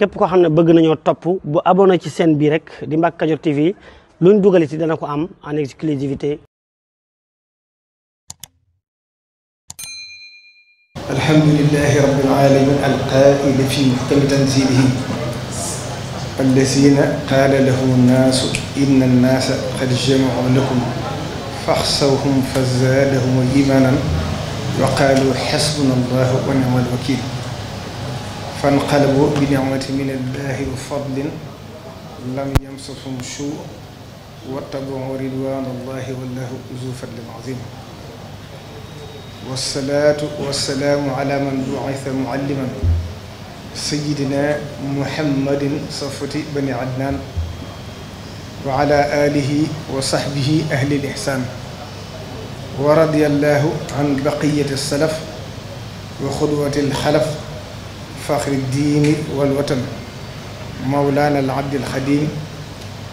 képp koo xam ne bëgg nañoo topp bu abonné ci chaîne bii rek di Mbacke Kadior TV luñ dugal ci dana ko am en exclusivité alhamdulillahi rabbil alamin alqaa'ili fi muhkami tanzilihi allazina qaala lahu nnaasu inna annaasa qad jama'u lakum faxsawhum fazaadahum imanan wa qaalu xasbuna allahu wa ni'mal fanqalabu bi ni'mati min allahi wa fadlin lam yamsashum suu wattabahu ridwanallahi wallahu zu fadlin azim wasalaatu wasalaamu ala man bu'itha mualliman sayidina muhammadin safati bani adnan wa ala alihi wa sahbihi ahli lihsaan wa radiyallahu an baqiyati salaf wa xudwati alxalaf faxri diini wal watan mawlaana al abdil xadim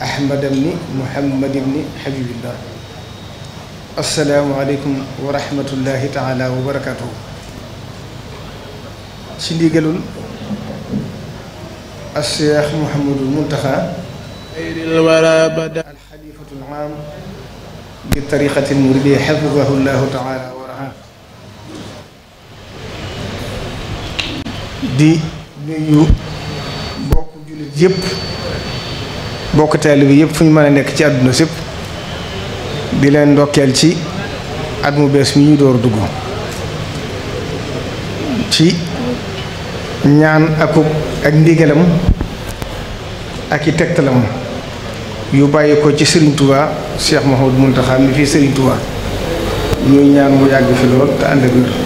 ahmad ibni muhammad ibni habibillah asalaamualeykum wa rahmatullahi taala wa barakatuhu ci ndigalul acheikh mouhamadul muntaxa alxalifatu al aam bi tariqati muridiya xafidahu llahu taala di nuyu bokk jullit yëpp mbokk taalibe yëpp fu ñu mën a nekk ci àdduna sépp di leen ndokkeel ci at mu bees mi ñu door dugg ci ñaan akub ak ndigalam ak i tegtalam yu bàyyi ko ci Serigne Touba Cheikh Mouhamadou Mountakha mi fii Serigne Touba ñuy ñaan mu yàgg fi lool te ànd ak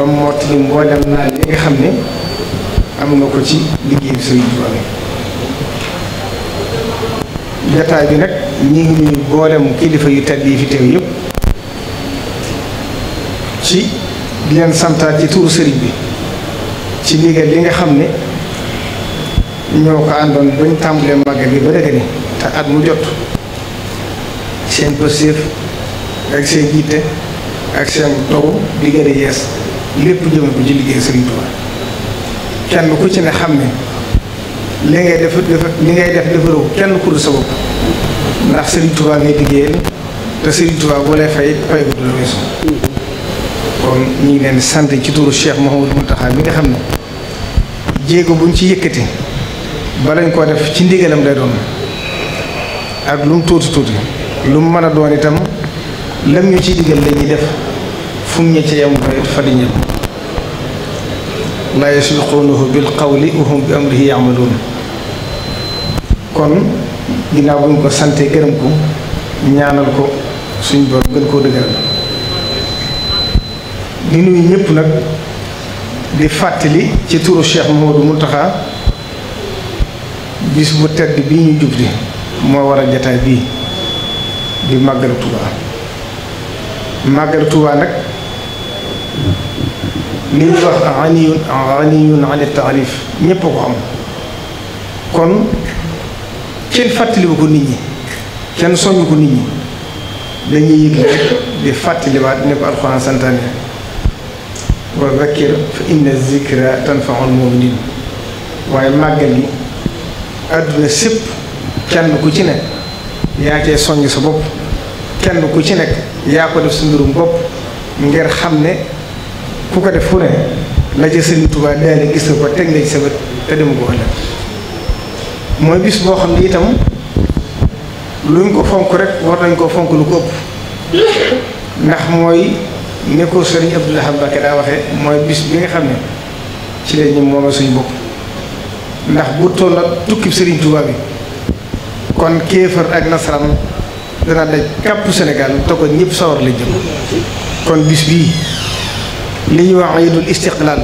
ba mottali mboolem naa li nga xam ne am nga ko ci liggéeyu Sëriñ Tuubaa bi jataay bi nag ñu ngi nuyu mboolem kilifa yu tedd yi fi teew yëpp ci leen santaat ci tuuru sëriñ bi ci liggéey li nga xam ne ñoo ko àndoon bañ tàmbalee màggal gi ba dëgg ni te at mu jot seen positif ak seen jiite ak seen togu di yees lépp jëm ko ci liggéey Sëriñ Tuuba kenn ku ci ne xam ne li ngay def dafa li ngay def defaroo kenn ku dul sa ndax Sëriñ Tuuba ngay liggéeyal te Sëriñ Tuuba boo lay fay fay ko du la weesu kon ñu ngi leen di sant ci turu Cheikh Mouhamadou Mountakha bi nga xam ne jéego buñ ci yëkkati balañ koo def ci ndigalam day doon ak lu mu tuuti tuuti lu mu mën a doon itam lam ñu ci digal la ñuy def. fu mu ñu ci yem ba it fa di ñëw laa yasbiquunahu bil qawli wa hum bi amrihi ya'maluun kon ginnaaw bu ñu ko sante gërëm ko ñaanal ko suñ borom gën koo dëgëral di nuyu ñëpp nag di fàttali ci turu Cheikh Mouhamadou Mountakha bis bu tedd bi ñu jubli moo war a jataay bii di màggal Tuubaa màggal Tuubaa nag li ñuy wax aniyun aniyun an taarif ñépp ko xam kon kenn fàttaliwu ko nit ñi kenn soññu ko nit ñi dañuy yëgle rek di fàttaliwaat ne ko alxuraan fa inna zikra tanfaul waaye màggal gi àdduna sépp kenn ku ci nekk yaa cee soññ sa bopp kenn ku ci nekk yaa ko def sa mbirum bopp ngir xam ne ku ko def fu ne la ca Sëriñ Tuubaa daale gis nga ko teg la ci sa te demu ko ëllëg mooy bis boo xam ne itam luñ ko fonk rek war nañ koo fonk lu ko ëpp ndax mooy nekkoo ko Sëriñ Abdou Lahad daa waxee mooy bis bi nga xam ne ci la ñu moom suñu bopp ndax bu toll ak tukki Sëriñ Tuubaa bi kon kéefër ak nasaraan dana daj kàpp Sénégal te ko ñëpp sawar la jëm kon bis bii li ñuy wax iidul istiqlaal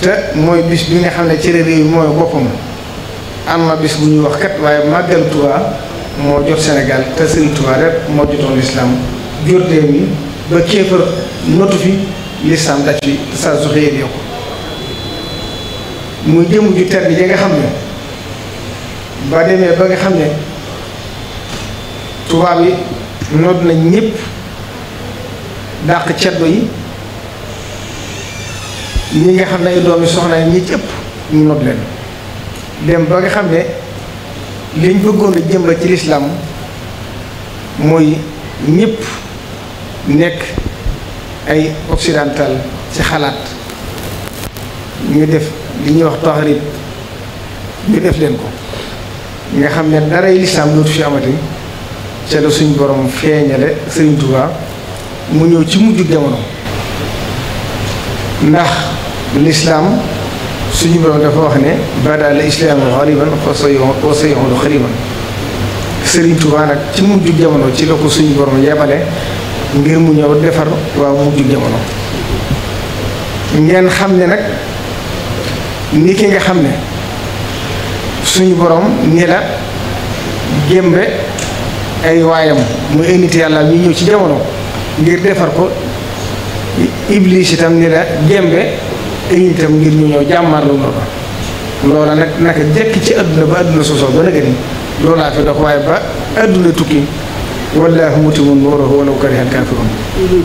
te mooy bis bi nga xam ne ci réew mooy boppam am na bis bu ñuy wax kat waaye màggal Tuubaa moo jot senegal te Sëriñ Tuubaa rek moo jotoon lislaam jot réew mi ba kéefar notu fi lislaam daj fi te saa su xëyee yokku muy jëm ju tedd ja nga xam ne ba demee ba nga xam ne tubaab yi noot nañ ñëpp dàq ceddo yi lii nga xam ne ay doomi soxna ñi ci ëpp ñu noot leen lem ba nga xam ne liñ bëggoon a jëmba ci lislaam mooy ñëpp nekk ay occidental ci xalaat ñu def li ñuy wax taxrib ñu def leen ko nga xam ne daray lislaam dootu fi amati ca la suñ borom feeñale Sëriñ Tuubaa mu ñëw ci mujju jamono ndax lislaam suñu borom dafa wax ne bada la islaamu xariban wa sayuudu xariban Sëriñ Tuubaa nag ci mujj jamono ci la ko suñu borom yebale ngir mu ñëw defar waa mujj jamono ngeen xam ne nag ni ki nga xam ne suñu boroom ni la gémbe ay waayam muy ay nit yàlla mi ñëw ci jamono ngir defar ko iblis itam ni la gémbe indi itam ngir ñu ñëw jàmmarlu loola loola nag naka jekk ci àdduna ba àdduna sosoo ba nëgëni loolaa dox waaye ba àdduna tukki wallaahu mutimmu nuurahu walaw kariha al-kaafiruun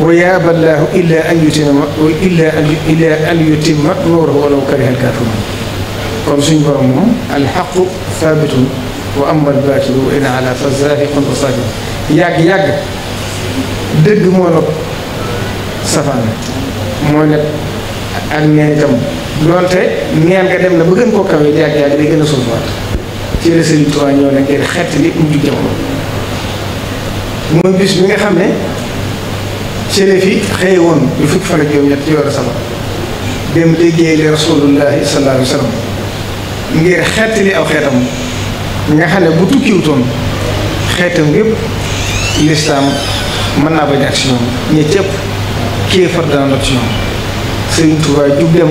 wa yaaba allaahu kon suñu borom moom alxaqu saabitun wa amma albaatilu in ala fa zaahiqun wa saabit yàgg yàgg dëgg moo nopp safaan moo nag ak neen itam donte neen nga dem na ba gën koo kawe jaag jaag day gën a suufaat ci la Sëriñ Tuubaa ñëw nag ngir xett li mujj jamono mooy bis bi nga xam ne cële fi xëye woon yu fukki fan ak ñett ci war a sama dem liggéey li rasulullahi sallallahu alayhi ngir xett li aw xeetam nga xam ne bu tukkiwutoon xeetam yëpp lislaam mën naa ba ñàkk si ñoom ñi cëpp kéefar dana not ci ñoom Sëriñ Tuubaa jug dem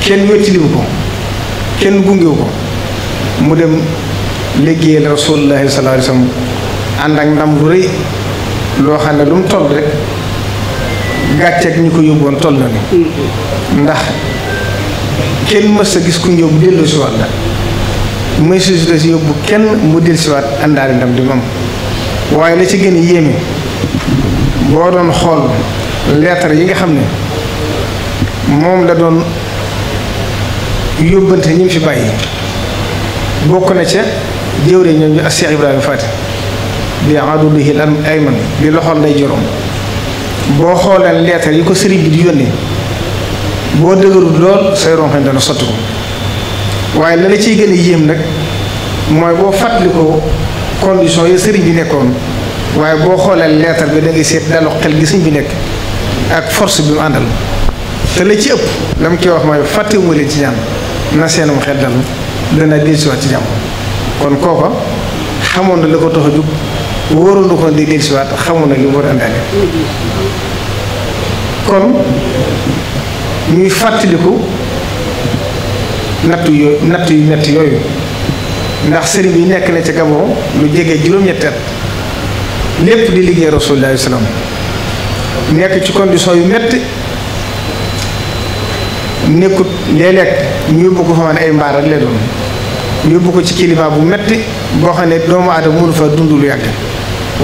kenn wettiliwu ko kenn gungewu ko mu dem liggéeyal rasulullahi sallallahu alayhi wasallam ànd ak ndam lu rëy loo xam ne lu mu toll rek gàcceeg ñi ko yóbboon toll na ni ndax kenn mës gis ku ñëw bu dellu si la muy si yóbbu kenn mu dellu si waat ndam di moom waaye la ci gën a yéeme boo doon xool leetar yi nga xam ne moom la doon yóbbante ñi mu fi bàyyi bokk na ca jëwriñ ñoom ñu ak Cheikh Ibrahima Fati bi adulihi ay man bi loxool nday jorom boo xooleen leetar yi ko sëriñ bi di yónnee boo dëgërul lool say ronxañ dana sotti ko waaye la la ciy gën a yéem nag mooy boo fàttali ko condition yi sëriñ bi nekkoon waaye boo xoolee leetar bi da ngay seet dalu xel gi bi nekk ak force bi mu àndal te la ci ëpp la mu ciy wax mooy fàttewuma leen ci jàmm na seenum xel dal dana dellusiwaat ci jàmm kon kooka xamoon na la ko tax a jub wóoroon na ko di dellusiwaat xamoon na li mu war a àndaale kon ñuy fàttaliku natt yooyu natt yu metti yooyu ndax sëriñ bi nekk na ca Gabon lu jege juróom-ñetti lépp di liggéey rasulullah salaam nekk ci condition yu métti nekkut léeg-léeg ñu yóbbu ko fa man ay mbaar rek la doon ñu yóbbu ko ci kilifa bu métti boo xam ne doomu aadama mënu fa dund lu yàgg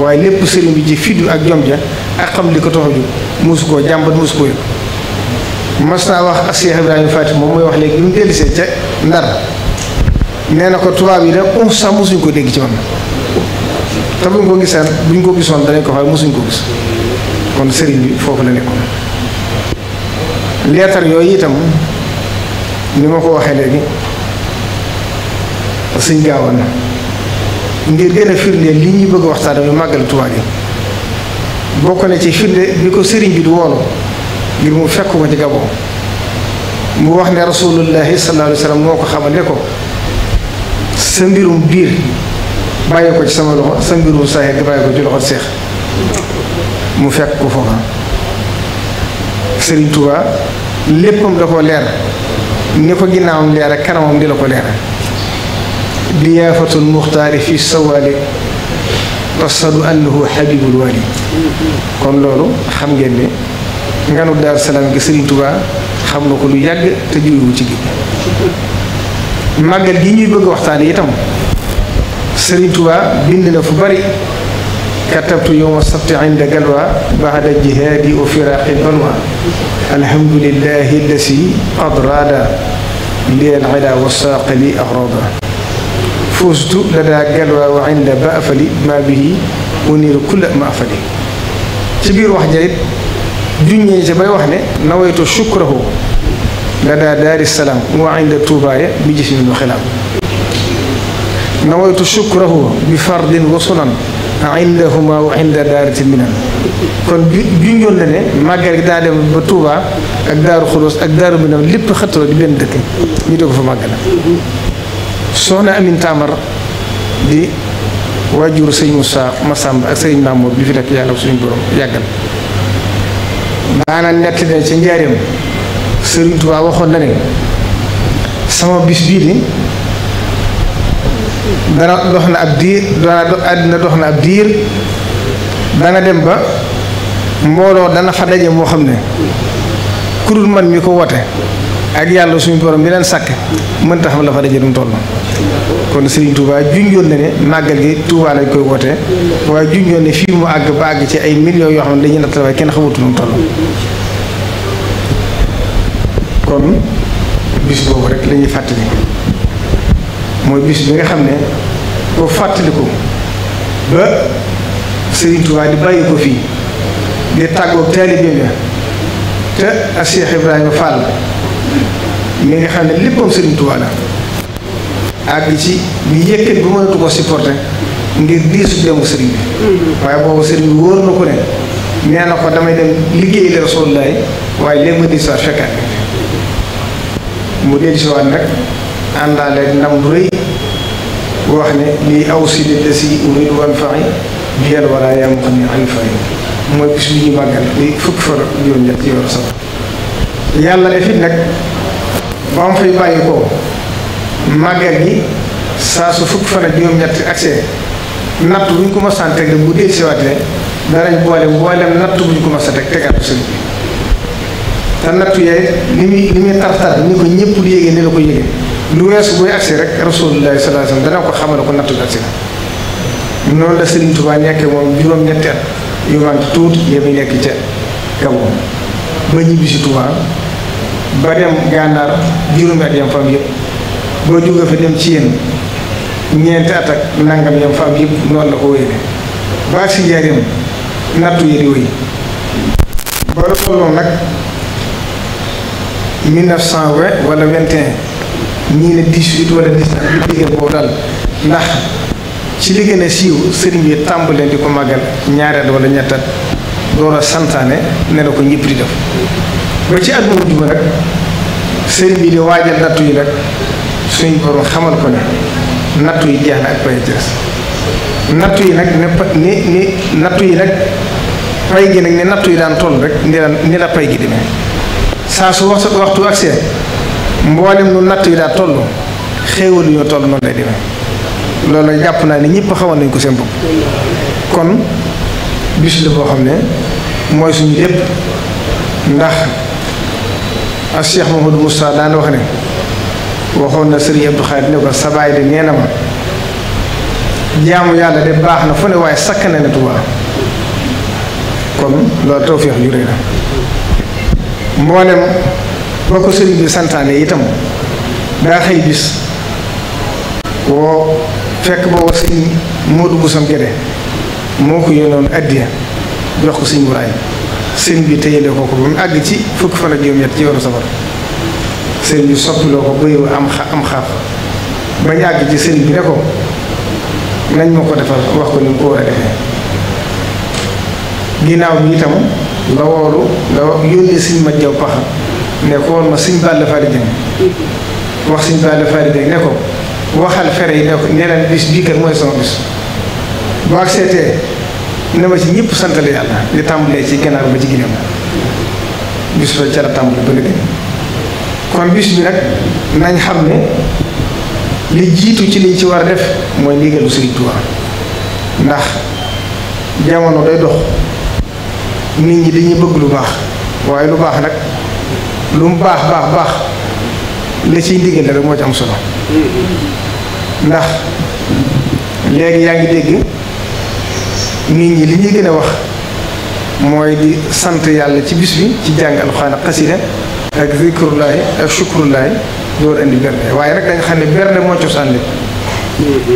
waaye lépp sëriñ bi ji fiddu ak jom ja ak xam li ko tax a jóg mosu koo jàmbat mosu koo yëg mas naa wax ak Cheikh Ibrahima Fati moom mooy wax léegi bi mu dellisee ca ndar nee na ko tubaab yi de um sax mosuñu ko dégg ci man te buñ ko gisaan buñ ko gisoon danañ ko waaye mosuñ ko gis kon sëriñ bi foofu la nekkoon leetar yooyu itam ni ma ko waxee léegi suñ gaawoon na ngir gën a firnde li ñuy bëgg waxtaan bi màggal Tuubaa gi bokk na ci firnde bi ko sëriñ bi du woolu ngir mu fekk ko ci Gabon mu wax ne rasulullahi sallallahu alayhi moo ko xamal ne ko sa mbirum biir bàyyi ko ci sama loxo sa mbiru saaxir nga bàyyi ko ci loxo seex mu fekk ko foofa Serigne Touba léppam da ko leer ni ko ginnaawam leer ak kanamam di la ko leer diyaafatul muxtaari fi sawaalik tasadu annahu xabibul wali kon loolu xam ngeen ne nganu Daaru Salaam gi Serigne Touba xam na ko lu yàgg te jiwu ci gi màggal gi ñuy bëgg waxtaan itam Sëriñ Tuba fu bari katabtu yowma sabti inda galwa baada jihaadi wa firaqi banwa alhamdulillahi allasi adrada li al ila wa saaqali ahrada fustu lada galwa wa inda baafali ma bihi uniru kulla maafali ci biir wax jarit junñee bay wax ne nawaytu shukrahu lada daari salaam wa inda tuubaaya bi jismin wa xilaam nawaytu shukrahu bi fardin wa sunan indahuma wa inda daarati minan kon bi bi ñoon na ne màggal gi daa dem ba tuuba ak daaru Xudoos ak daaru Minam lépp xëttaloo di benn dëkk ñu dee ko fa màggala soxna Amin Tamar di waajur sëñ Moussa Massamba ak sëñ Mamour bi fi nekk yàlla suñu borom yàggal maanaam nett ne ci njaareem Sëriñ Tuubaa waxoon na ne sama bis bii dana dox na ab diir dana àddina dox na ab diir dana dem ba mbooloo dana fa daje moo xam ne kurul man mi ko wote ak yàlla suñu borom bi leen sàkk mënta xam la fa daje du mu toll kon Serigne Touba junjoon na ne màggal gi Touba lañ koy wootee waaye junjoon ne fii mu àgg ba àgg ci ay millions yoo xam ne dañuy nattale waaye kenn xamutu nu mu toll kon bis boobu rek lañuy ñuy fàttali. mooy bis bi nga xam ne boo fàttaliku ba Serigne Touba di bàyyi ko fii di tàggoog taalibeem ya te ak Cheikh Ibrahima Fall mi nga xam ne léppam Serigne Touba la àgg ci bi yëkkat bi mënatu ko supporté ngir diisu demu sëriñ bi mm-hmm. waaye boobu sëriñ bi wóor na ko ne nee na ko damay dem liggéey la Rasulullaay waaye léegi ma diisuwaat fekkaat mu dellusiwaat nag àndaaleeg ndam bu wax ne lii aw si li des yi uridu an fa'i bi yàlla yaa ma xam ne ay fay mooy bis bi ñu màggal li fukki fan ak juróom nag ba mu fay bàyyi su fukki fan ak juróom natt bu ko mos a teg bu ko mos a teg tegaatu sëñ bi te nattu yaay li muy li muy tartaat ni ko ñëpp di yéegee ni la ko yéegee. lu rees buy agsi rek rasulullahi sallallahu alayhi wasallam dana ko xamal ko nattu bi agsi na noonu la Serigne Touba nekkee moom juróom-ñetti at yu man tuuti yéen nekk ca Gabon ba ñibbi si Touba ba dem gànnaar juróomi at yam fa am yëpp boo jógee fa dem ci yéen ñeenti at ak nangam yam fa am yëpp noonu la ko wéyale ba agsi njariñ nattu yi di wéy ba loolu nag 1920 wala 21. ñii ne 18 wala 19 liggéey boobu daal ndax ci liggéey na siiw sëriñ bi tàmbalee di ko màggal ñaareel wala ñettat door a santaane ne na ko ñëpp di def ba ci at mu mujj nag sëriñ bi di waajal nattu yi nag suñ borom xamal ko ne nattu yi jeex ak pay nattu yi nag ne ni ni yi nag pay gi nattu yi daan toll rek ni la ni la pay gi saa su waxtu waxtu ak mboolem nu natt yi daa toll xéewal yu toll noonu lay demee loolu jàpp naa ni ñëpp xawoon nañ ko seen bopp kon bis la boo xam ne mooy suñu lépp ndax ak Cheikh Mouhamadou Moustapha daan wax ne waxoon na Serigne Abdou Khadir ne ko sa baay de nee ma jaamu yàlla de baax na fu ne waaye sakkane na Tuubaa kon loolu tawfeex juree la mboolem boo ko sëriñ bi santaane itam daa xëy bis woo fekk booba sëñ Moodu Busam Gede moo ko yónnoon addiya jox ko sëñ Buraay sëñ bi tëyale ko ko ba mu àgg ci fukk fan ak juróom-ñett ci weeru safar sëñ bi soppiloo ko bëriwu am xa am xaaf bañ àgg ci sëñ bi ne ko nañ ma ko defar wax ko ni mu ko war a defee ginnaaw bi itam nga woolu nga yónnee sëñ ma jaw paxa ne ko woon ma sëñ Balla Fally Dieng wax sëñ Balla Fally Dieng ne ko waxal fere yi ne ko ne bii kat mooy sama bis bu ak ne ma ci ñëpp santale yàlla li tàmbalee si ganaar ba ci ginnaaw bis fa ca la tàmbale ba léegi kon bis bi nag nañ xam ne li jiitu ci liñ ci war a def mooy ndigalu Sëriñ Tuubaa ndax jamono day dox nit ñi dañuy bëgg lu baax waaye lu baax nag lu mu baax baax baax la ciy ndigal rek moo ci am solo ndax léegi yaa ngi dégg nit ñi li ñuy gën a wax mooy di sant yàlla ci bis bi ci jàng alxuraan ak ak zikrullahi ak shukrullahi door indi bernde waaye nag danga xam ne bernde moo cosaan lépp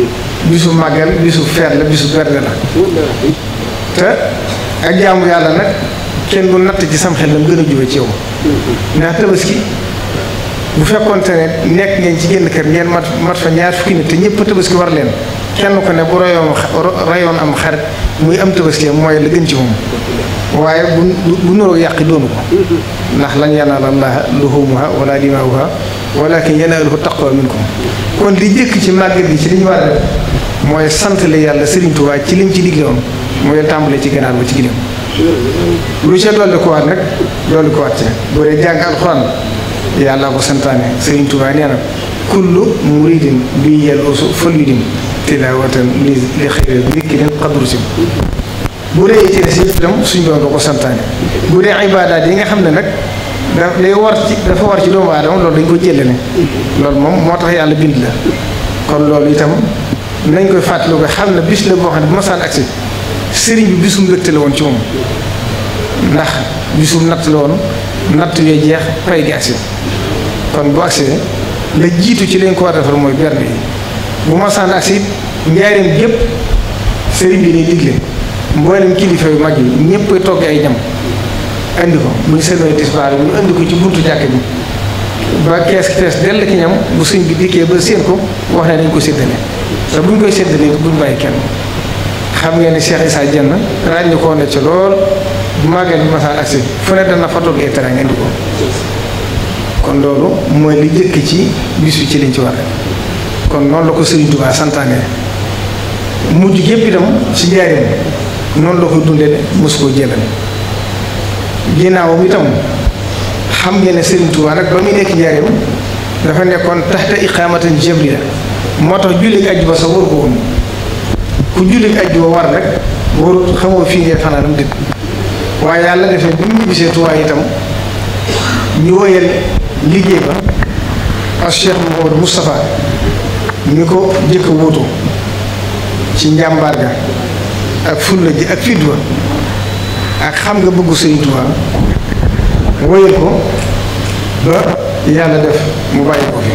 bisu màggal bisu feet la bisu bernde la te ak jaamu yàlla nag kenn du natt ci sam xel la mu gën a jube ci yow ndax tabaski bu fekkonte ne nekk ngeen ci génn kër ngeen mat mat fa ñaar fukki nit te ñëpp tabaski war leen kenn ko ne bu rayoon rayoon am xarit muy am tabaski mooy la gën ci moom waaye bu bu nuroo yàqi doonu ko ndax lan yanaala llaaha luhuumuhaa wala dimaa'uhaa walaakin yanaaluhu taqwa minkum kon li jëkk ci màggal gi ci li ñu war a def mooy sant la yàlla Serigne Touba ci lim ci digle woon mooy tàmbale ci ganaar ba ci gileem lu ca dolli ko waat loolu ko wàcce boo dee jàng alxuraan yàlla ko santaane Sëriñ Tuubaa nee na kullu muridin bi yàlla usu fëlidin tilaawatan li li xëy na nit ki leen xadru si bu dee ci des yëpp itam suñu ko santaane bu dee ibaadaat yi nga xam ne nag daf lay war ci dafa war ci doomu aadama loolu dañ ko jëlale loolu moom moo tax yàlla bind la kon loolu itam nañ koy fàttaliku xam ne bis la boo xam ne bu ma saan agsi sëriñ bi bisum mbégte la woon ci moom ndax bisum natt la woon natt yooyu jeex pay gi agsi kon bu agsee la jiitu ci lañ ko war a defal mooy bernde yi bu ma sànn agsi njaareem yépp sëriñ bi lay digle mboolem kilifa yu mag yi ñëpp togg ay ñam indi ko bu ñu sëlmay tisbaar ñu ko ci buntu jàkk bi ba kees ki tees dell ki ñam bu sëñ bi dikkee ba séen ko wax ne dañ ko séddale te bu ñu koy séddalee bu ñu bàyyi kenn xam ngeen ne Cheikh sa Dieng ràññi ko woon ci lool bu màggal bi masaan agsi fu ne dana fa togg ay teraanga indi kon loolu mooy li jëkk ci bisu ci liñ ci war kon noonu la ko Sëriñ santaane mujj gépp itam si njaareem noonu la ko dundee mosu koo jëlal ginnaawam itam xam ngeen ne Sëriñ Tuubaa nag ba muy nekk njaareem dafa nekkoon taxta iqaamatan jabriya moo tax jullit àjjuma sa waru ko ku jullit àjjuma war nag warut xamoo fii ngee fanaanam dëkk waaye yàlla defee bu ñu gisee Tuubaa itam ñu woyal liggéey ba ak Cheikh Mouhamadou Moustapha mi ko jëkk wuutu ci njàmbaar ga ak fulla ji ak fit wa ak xam nga bëggu Sëriñ Tuubaa woyal ko ba yàlla def mu bàyyi ko fi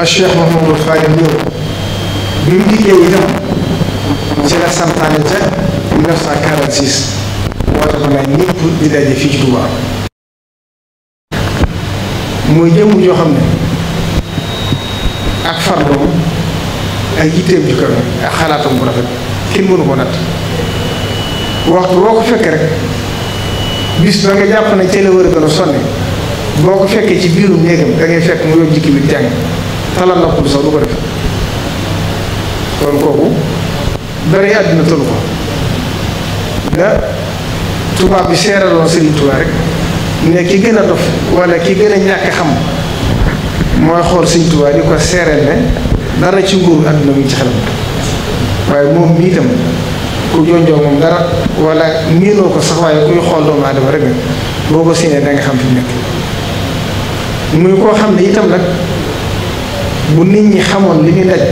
ak Cheikh Mouhamadou Fadil ñëw bi mu liggéey itam ci la santaane ca 1946 taala ñëpp di daje fii ci Touba mooy jëmm yoo xam ne ak fardoom ak yitteem ju kawe ak xalaatam bu rafet kenn mënu ko natt waxtu boo ko fekkee rek bis ba nga jàpp ne teel a a gën a sonne boo ko fekkee ci biirum néegam da ngay fekk mu yóbbu jikki bi jàng talal ko sax du ko def kon kooku dara àddina tollu ko tubaab bi seeraloon Serigne Touba rek ne ki gën a dof walla ki gën a ñàkk xam mooy xool Serigne Touba di ko seereel ne dara ci nguuru àdduna mi ci xelam waaye moom mii itam ku jonjoo ko sax waaye kuy xool doomu aadama rek nga boo ko séenee da xam fi mu nekk muy koo xam ne itam nag bu nit ñi xamoon li muy daj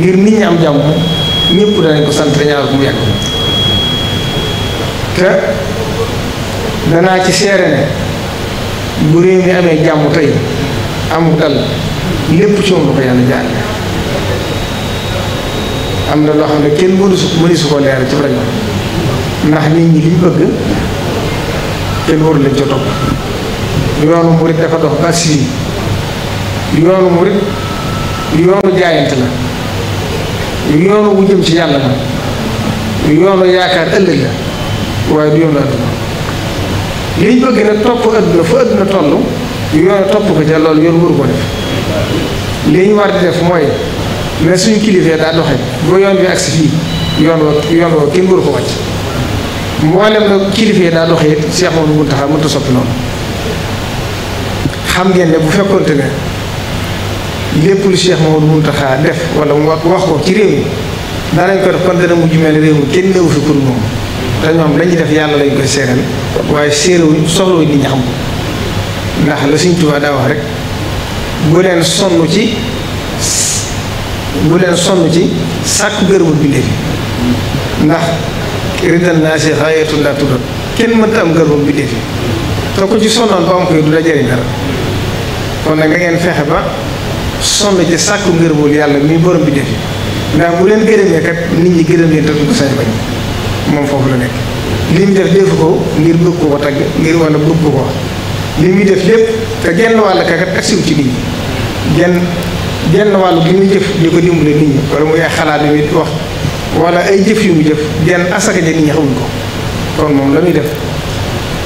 ngir nit ñi am jàmm ñëpp danañ ko sant bu yàgg. te danaa ci seere ne bu réew mi amee jàmm tey amut dal lépp ci moom la ko yàlla jaarale am na loo xam ne kenn mënu su mënu su ko leeral ci rajo ndax nit ñi liñ bëgg kenn waru lañ ca topp yoonu murit dafa dox ba si yoonu murit yoonu jaayante la yoonu wu jëm ci yàlla la yoonu yaakaar ëllëg la waaye du yoonu àdduna liñ bëgg nag topp àdduna fa àdduna toll yoonu topp ko ca loolu yoon waru ko def li ñu war di def mooy ne suñu kilifee daa doxe ba yoon bi agsi fii yoon wa yoon wa kenn waru ko wàcc mboolem nag kilifee daa doxe it Cheikh Mamadou Mountakha mënta soppi noonu xam ngeen ne bu fekkonte ne lépp lu Cheikh Mamadou taxaa def wala mu wax ko ci réew mi danañ ko def kon dana mujj mel ne réew mi kenn newu fi pour moom te ñoom lañuy def yàlla lañ koy seeral waaye séeréwuñ soxlawuñ nit ñi xam ndax la Sëñ Tuubaa daa wax rek bu leen sonn ci bu leen sonn ci sàkku gërëmul bindéef yi ndax riddal naa si xaayatu laa tuddat kenn mënta am gërëmul bindéef yi te ku ci sonnoon ba am koy du la jëriñ dara kon nag ngeen fexe ba sonn ci sàkku ngërëmul yàlla muy borom bindéef yi ndax bu leen gërëmee nit ñi gërëm leen te ko sañ bañ moom foofu la nekk li muy def defu ko ngir bëgg ko ko tagg ngir wala bëgg ko ko wax li muy def lépp te genn wàll kakat agsiw ci nit ñi genn genn wàllu gi muy jëf di ko dimbale nit ñi wala muy ay xalaat yu muy wax wala ay jëf yu mu jëf genn asaka ja nit ñi xamuñ ko kon moom la muy def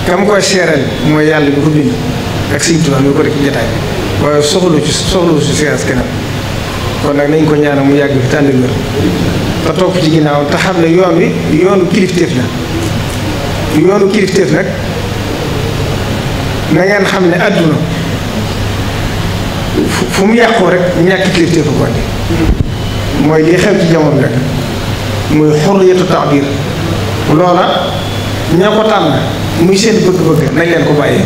kam koy seeral mooy yàlla bi ko bind ak Sëñ Tuubaa mi ko rek jotaay waaye soxlu ci soxlu ci seeras keneen kon nag nañ ko ñaanal mu yàgg fi te ànd te topp ci ginnaaw te xam ne yoon wi yoonu kilifteef la yoonu kilifteef rek na ngeen xam ne àdduna fu mu yàqoo rek ñàkk kilifteef ko andi mooy li xew ci jamono rek muy xurriyatu taabir loola ñoo ko tànn muy seen bëgg-bëgg nañ leen ko bàyyee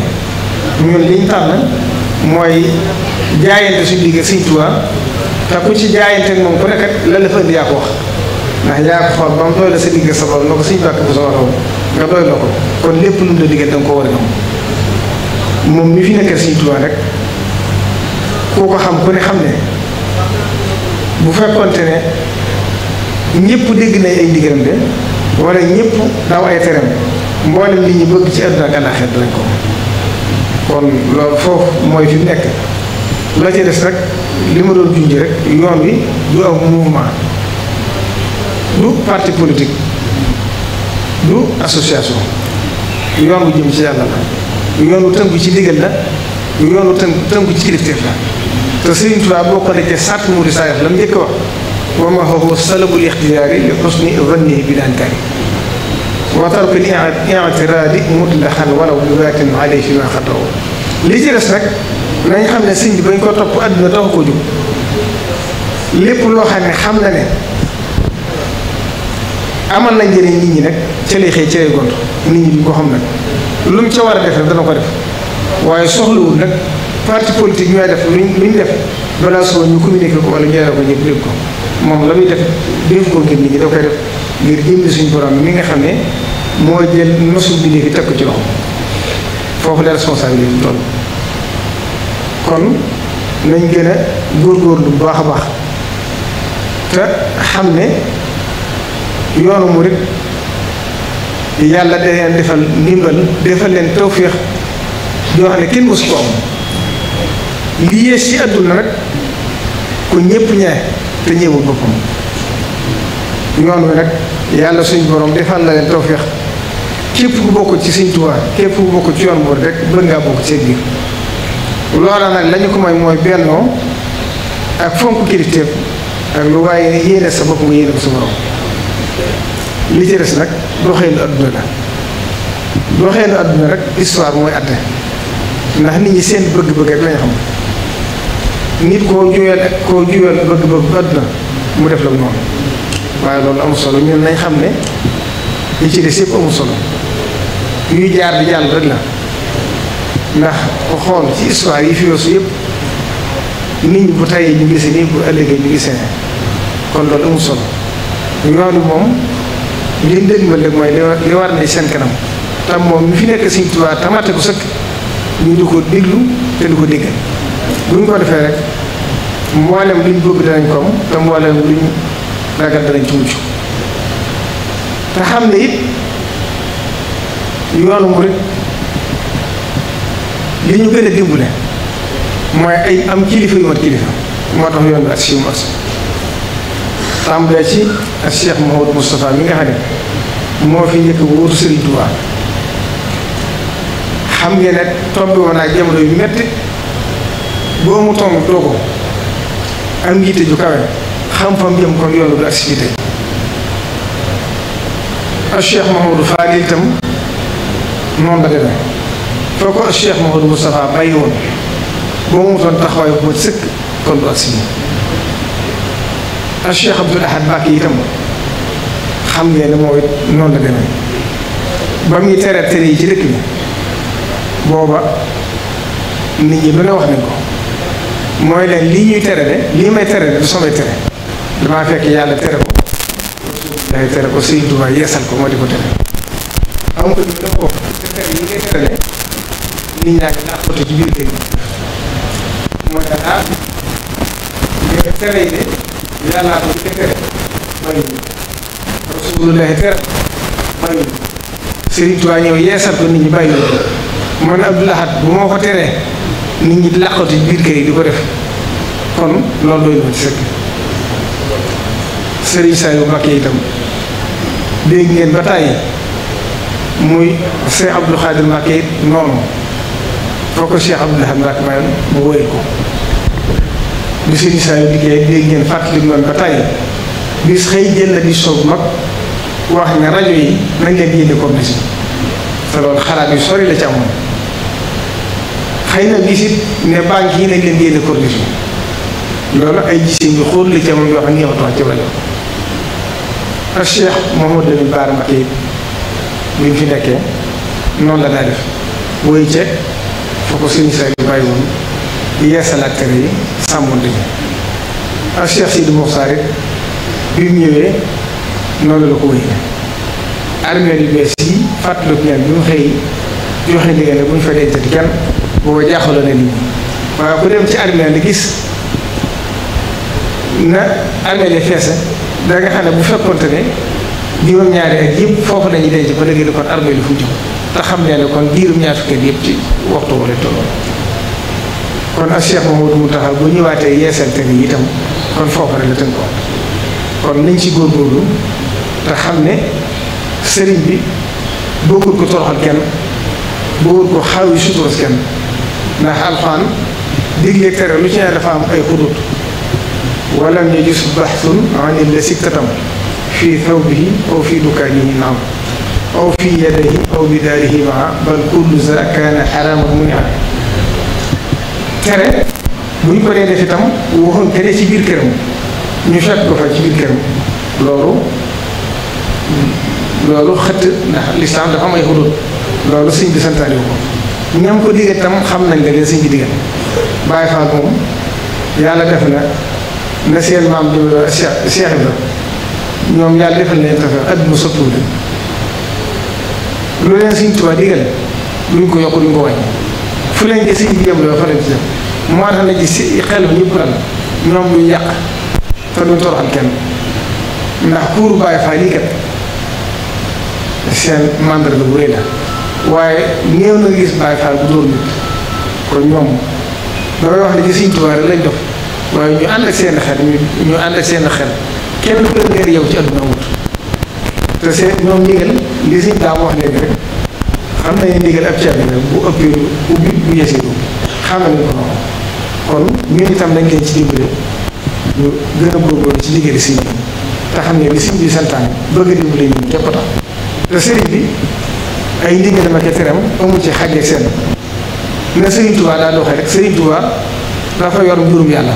ñun liñ tànn mooy jaayante suñu digg Sëñ Tuubaa te ku ci jaayanteeg moom ku nekkat la la fa indi yaa ko wax ndax yaa ko xool ba mu doy sa digg sa bopp noo ko suñu bàkk bu sa waxoon nga doy ko kon lépp lu la diggante danga ko war a gëm moom xam ku bu fekkonte ne ñëpp dégg ay diggam de wala ñëpp daw ay li ñu bëgg ci àdduna ak àllaaxira ko kon loolu foofu mooy fi nekk. la ca des rek li ma doon junj rek yoon wi du aw mouvement du parti politique du association yoon wu jëm ci yàlla la yoon wu tënku ci ndigal la yoon wu tënk tënku ci kilifteef la te Sëriñ Tuubaa boo ko nekkee sàrt mu risaayaf la njëkk wax wa ma huwa salabul ixtiyaari li xusni zannihi bi daan kaari wa tarku l i'tiraadi mutlaqan walaw bi baatin alayhi fi ma xataw li ci des rek nañ xam ne sëñ bi bañ ko topp àdduna taxu ko jóg lépp loo xam ne xam na ne amal na njëriñ nit ñi nag ca lay xëy ca lay gont nit ñi duñ ko xam nag lu ca war a def rek dana ko def waaye soxlawul nag parti politique ñooy def luñ luñ def balaa soo ñu communiqué ko wala ñu yore ko ñëpp dégg ko moom la muy def def ko ngir nit ñi da koy def ngir jëmli suñu borom mi nga xam ne moo jël nosu bindee fi teg ko ci loxo foofu la responsabilité bi toll kon nañ gën góor góorgóorlu bu baax a baax te xam ne yoonu murit yàlla da leen defal ndimbal defal leen tawféex yoo xam ne kenn mësu ko am li yées ci àdduna rek ku ñépp ñaay te ñëwul boppam yoon wi nag yàlla suñ borom defal la leen tawféex képp ku bokk ci Sëñ Tuubaa képp ku bokk ci yoon bu rek bëgg ngaa bokk ci biir loola nag lañu ko mooy mooy bennoo ak fonk kilifteef ak lu waaye yéene sa bopp nga yéene ko sa borom li ci des nag doxeenu adduna la doxeenu adduna rek histoire mooy àtte ndax nit ñi seen bëgg-bëgg rek lañu xam nit koo juyal koo juyal bëgg-bëgg bu adduna mu def la noonu waaye loolu amul solo ñun nañ xam ne li ci des solo yuy jaar di jàll rek la ndax ku xool ci histoire yi fi weesu yëpp nit ñi bu tayee ñu ngi nii bu ëllëgee ñu gisee ne kon loolu amul solo yoonu moom liñ dégg ma léegi mooy li war ne seen kanam tam moom ñu fi nekk Sëriñ Tuubaa tamate ko sëkk ñu du ko déglu te di ko déggal bu ñu ko defee rek mboolem luñ bëgg danañ ko am te mboolem luñ ragal danañ ci mucc te xam ne it yoonu murit li ñu gën a dimbale mooy ay am kilifa yu mat kilifa moo tax yoon ak si mu ak Cheikh Mouhamadou Moustapha yu metti boo mu tomb doo ko la demee fa ko Cheikh Mouhamadou Moustapha bàyyi woon boo mu doon taxawaay bu ma sëkk kon du agsi ak Cheikh Abdoul Ahad Mbacké itam xam ngeen ne mooy noonu la demee ba muy tere tere yi ci dëkk bi booba nit ñi lu ne wax nañ ko mooy leen lii ñuy tere de lii may tere de du samay tere damaa fekk yàlla tere ko day tere ko Sëriñ Tuubaa tere ko te ngay tere de nit ñaa ngi làqatu ci biir kër yi mooy daal nga tere yi de yàllaa ko njëkk a tere rasulullahi tere bàyyi Sëriñ Tuubaa ñëw yeesal ko nit ñi bàyyi man Abdul Ahad bu moo ko teree nit ñi làqatu ci biir kër yi di ko def kon loolu doy na ci sëkk Sëriñ Saliou itam dégg ngeen ba tàyyi muy Sëriñ Abdou Khadir Mbacké it noonu fa ko Cheikh Abdoul Ahad Mbacké mayoon mu wéyal ko bi sëñ Saliou liggéey dégg ngeen fàttali ñu woon ba tey bis xëy jël na di soobu mag wax ne rajo yi nañ leen yéene comme ni si te loolu xalaat yu sori la ci na bis it ne loolu ay gisee yu xóot la ci amoon yoo xam ne ñëwatuwaat ci rajo ak Cheikh Mouhamadou Lamine Bara Mbacké bi mu fi nekkee noonu la naa def wéy ca. fa ko sëriñ saa yi bàyyi woon di yeesalaat tere yi sàmmonte bi ak ah, Cheikh Sidi Moxtaar it bi mu ñëwee noonu la ko wéyee armée yu bees yi fàttaliku ñaan bi mu xëy joxe ndigal ne bu ñu fa dencati kenn booba jaaxaloon na nit waaye ku dem ci armée na gis na armée de feese da xam ne bu fekkonte ne juróom-ñaari ak yëpp foofu lañuy denc ba léegi kon armée lu fu jëm te xam ne ne kon diirum ñaar fukki at yëpp ci waxtu wala tolloon kon ak Cheikh Mamadou Mountakha bu ñëwaatee yeesal te ni itam kon foofu te la tënkoon kon nañ ci góorgóorlu te xam ne sëriñ bi bëggul ko toroxal kenn bëggul ko xaawi suturas kenn ndax alxaan digle tere lu ci ne dafa am ay xudut wala ñu gis baxsun anil la sikkatam fii thawbihi aw fii dukaanihi naam aw fi yadayhi aw bi daarihi maa bal kullu za kaana xaraaman mu ne am tere bu ñu ko dee def itam waxoon tere ci biir këram ñu fekk ko fa ci biir këram loolu loolu xëtt ndax lislaam dafa am ay loolu sëñ bi santaane ko ñam ko digga tam xam nañ la leen sëñ bi digga Baay Faal moom yàlla def na na seen maam di Cheikh Cheikh Ibra ñoom yàlla defal leen tafe at mu sottuwul lu leen Sëriñ Tuubaa digal ko yokk duñ ko wàññi fu leen ci sëriñ bi yem la fa si xel bi ñëpp dal ñoom duñ yàq te duñ toroxal kenn ndax kuuru Baay Faal yi kat bu rëy la waaye néew gis Baay Faal bu dóor kon ñoom damay wax ne ci Sëriñ Tuubaa rek lañ def waaye ñu ànd ak seen xel ñu ñu ànd ak seen xel kenn ku leen yow ci àdduna wut te seet la bu ëppee ubbi bu yesee ko xamal ni ko noonu kon ñun itam dañ koy ci dimbale ñu gën bi xam ne li siñ bi santaane ay ndigal dama ko teram amul ci xàjj ak seen na sëriñ Tuubaa daa doxee rek sëriñ Tuubaa dafa yor yàlla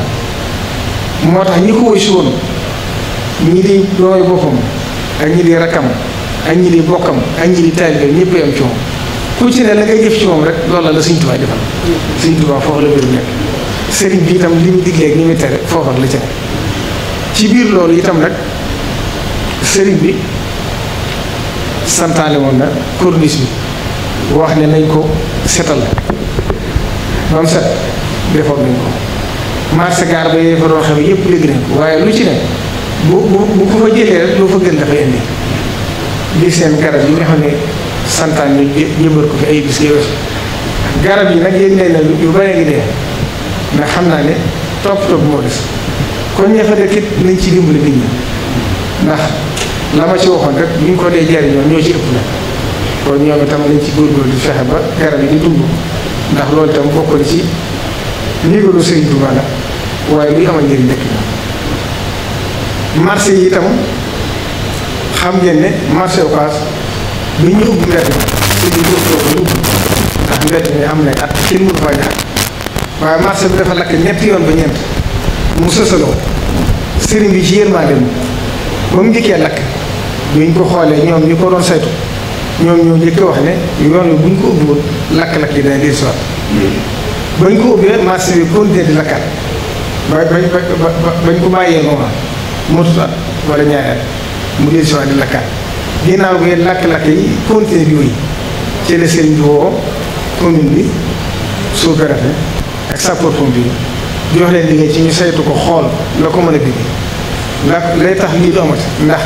moo tax ñi ko wëy si woon ñi di dooy boppam ak ñi di rakam ak ñi di bokkam ak ñi di taalibe ñëpp ci moom ku ci ne la ngay jëf ci moom rek loolu la Sëriñ Tuubaa defal Sëriñ Tuubaa foofu la biiru nekk sëriñ bi itam li mu digleeg ni mu tere foofa la ci ne ci biir loolu itam nag sëriñ bi santaane woon na corniche bi wax ne nañ ko setal ba mu set defoon nañ ko marché gaar ba yee fa doon xew yëpp dégg nañ waaye lu ci ne bu bu bu ko fa jëlee rek loo fa gën dafay indi lii seen garab yi nga xam ne santaan ñu jëmbal ko fi ay bis garab yi nag yéen nee na yu bare ngi dee ndax xam naa ne topp topp moo des kon ña fa dëkk it nañ ci dimbali nit ñi ndax la ma ci waxoon rek bu ñu ko dee jariñoo ñoo ci ëpp la kon ñoom itam nañ ci góorgóorlu di fexe ba garab yi di dund ndax loolu itam bokk na ci ndigalu Sëriñ Tuubaa la waaye luy amal njëriñ dëkk la marché yi itam xam ngeen ne marché Ocass bi ñu ubbi mbedd mi te ñu ubbi ndax mbedd mi am na at kenn mënu faa ñàkk waaye marché bi dafa lakk ñetti yoon ba ñeent mu sësaloo sëriñ bi ci yërmaande mi ba mu njëkkee lakk bi ñu ko xoolee ñoom ñu ko doon saytu ñoom ñoo njëkk wax ne yoon wi bu ñu ko ubbiwoon lakk-lakk yi day dellusiwaat ba ñu ko ubbee marché bi continué di lakkaat ba ba ba ba ñu ko bàyyee noonu motut at wala ñaari mu dee si waat di lakkaat ginnaaw gi lakk-lakk yi continué di wéy ci la bi woo commune bi sous-préfet ak sapeurs-pompiers bi jox leen liggéey ci ñu saytu ko xool la ko mën a bind la lay tax lii du amati ndax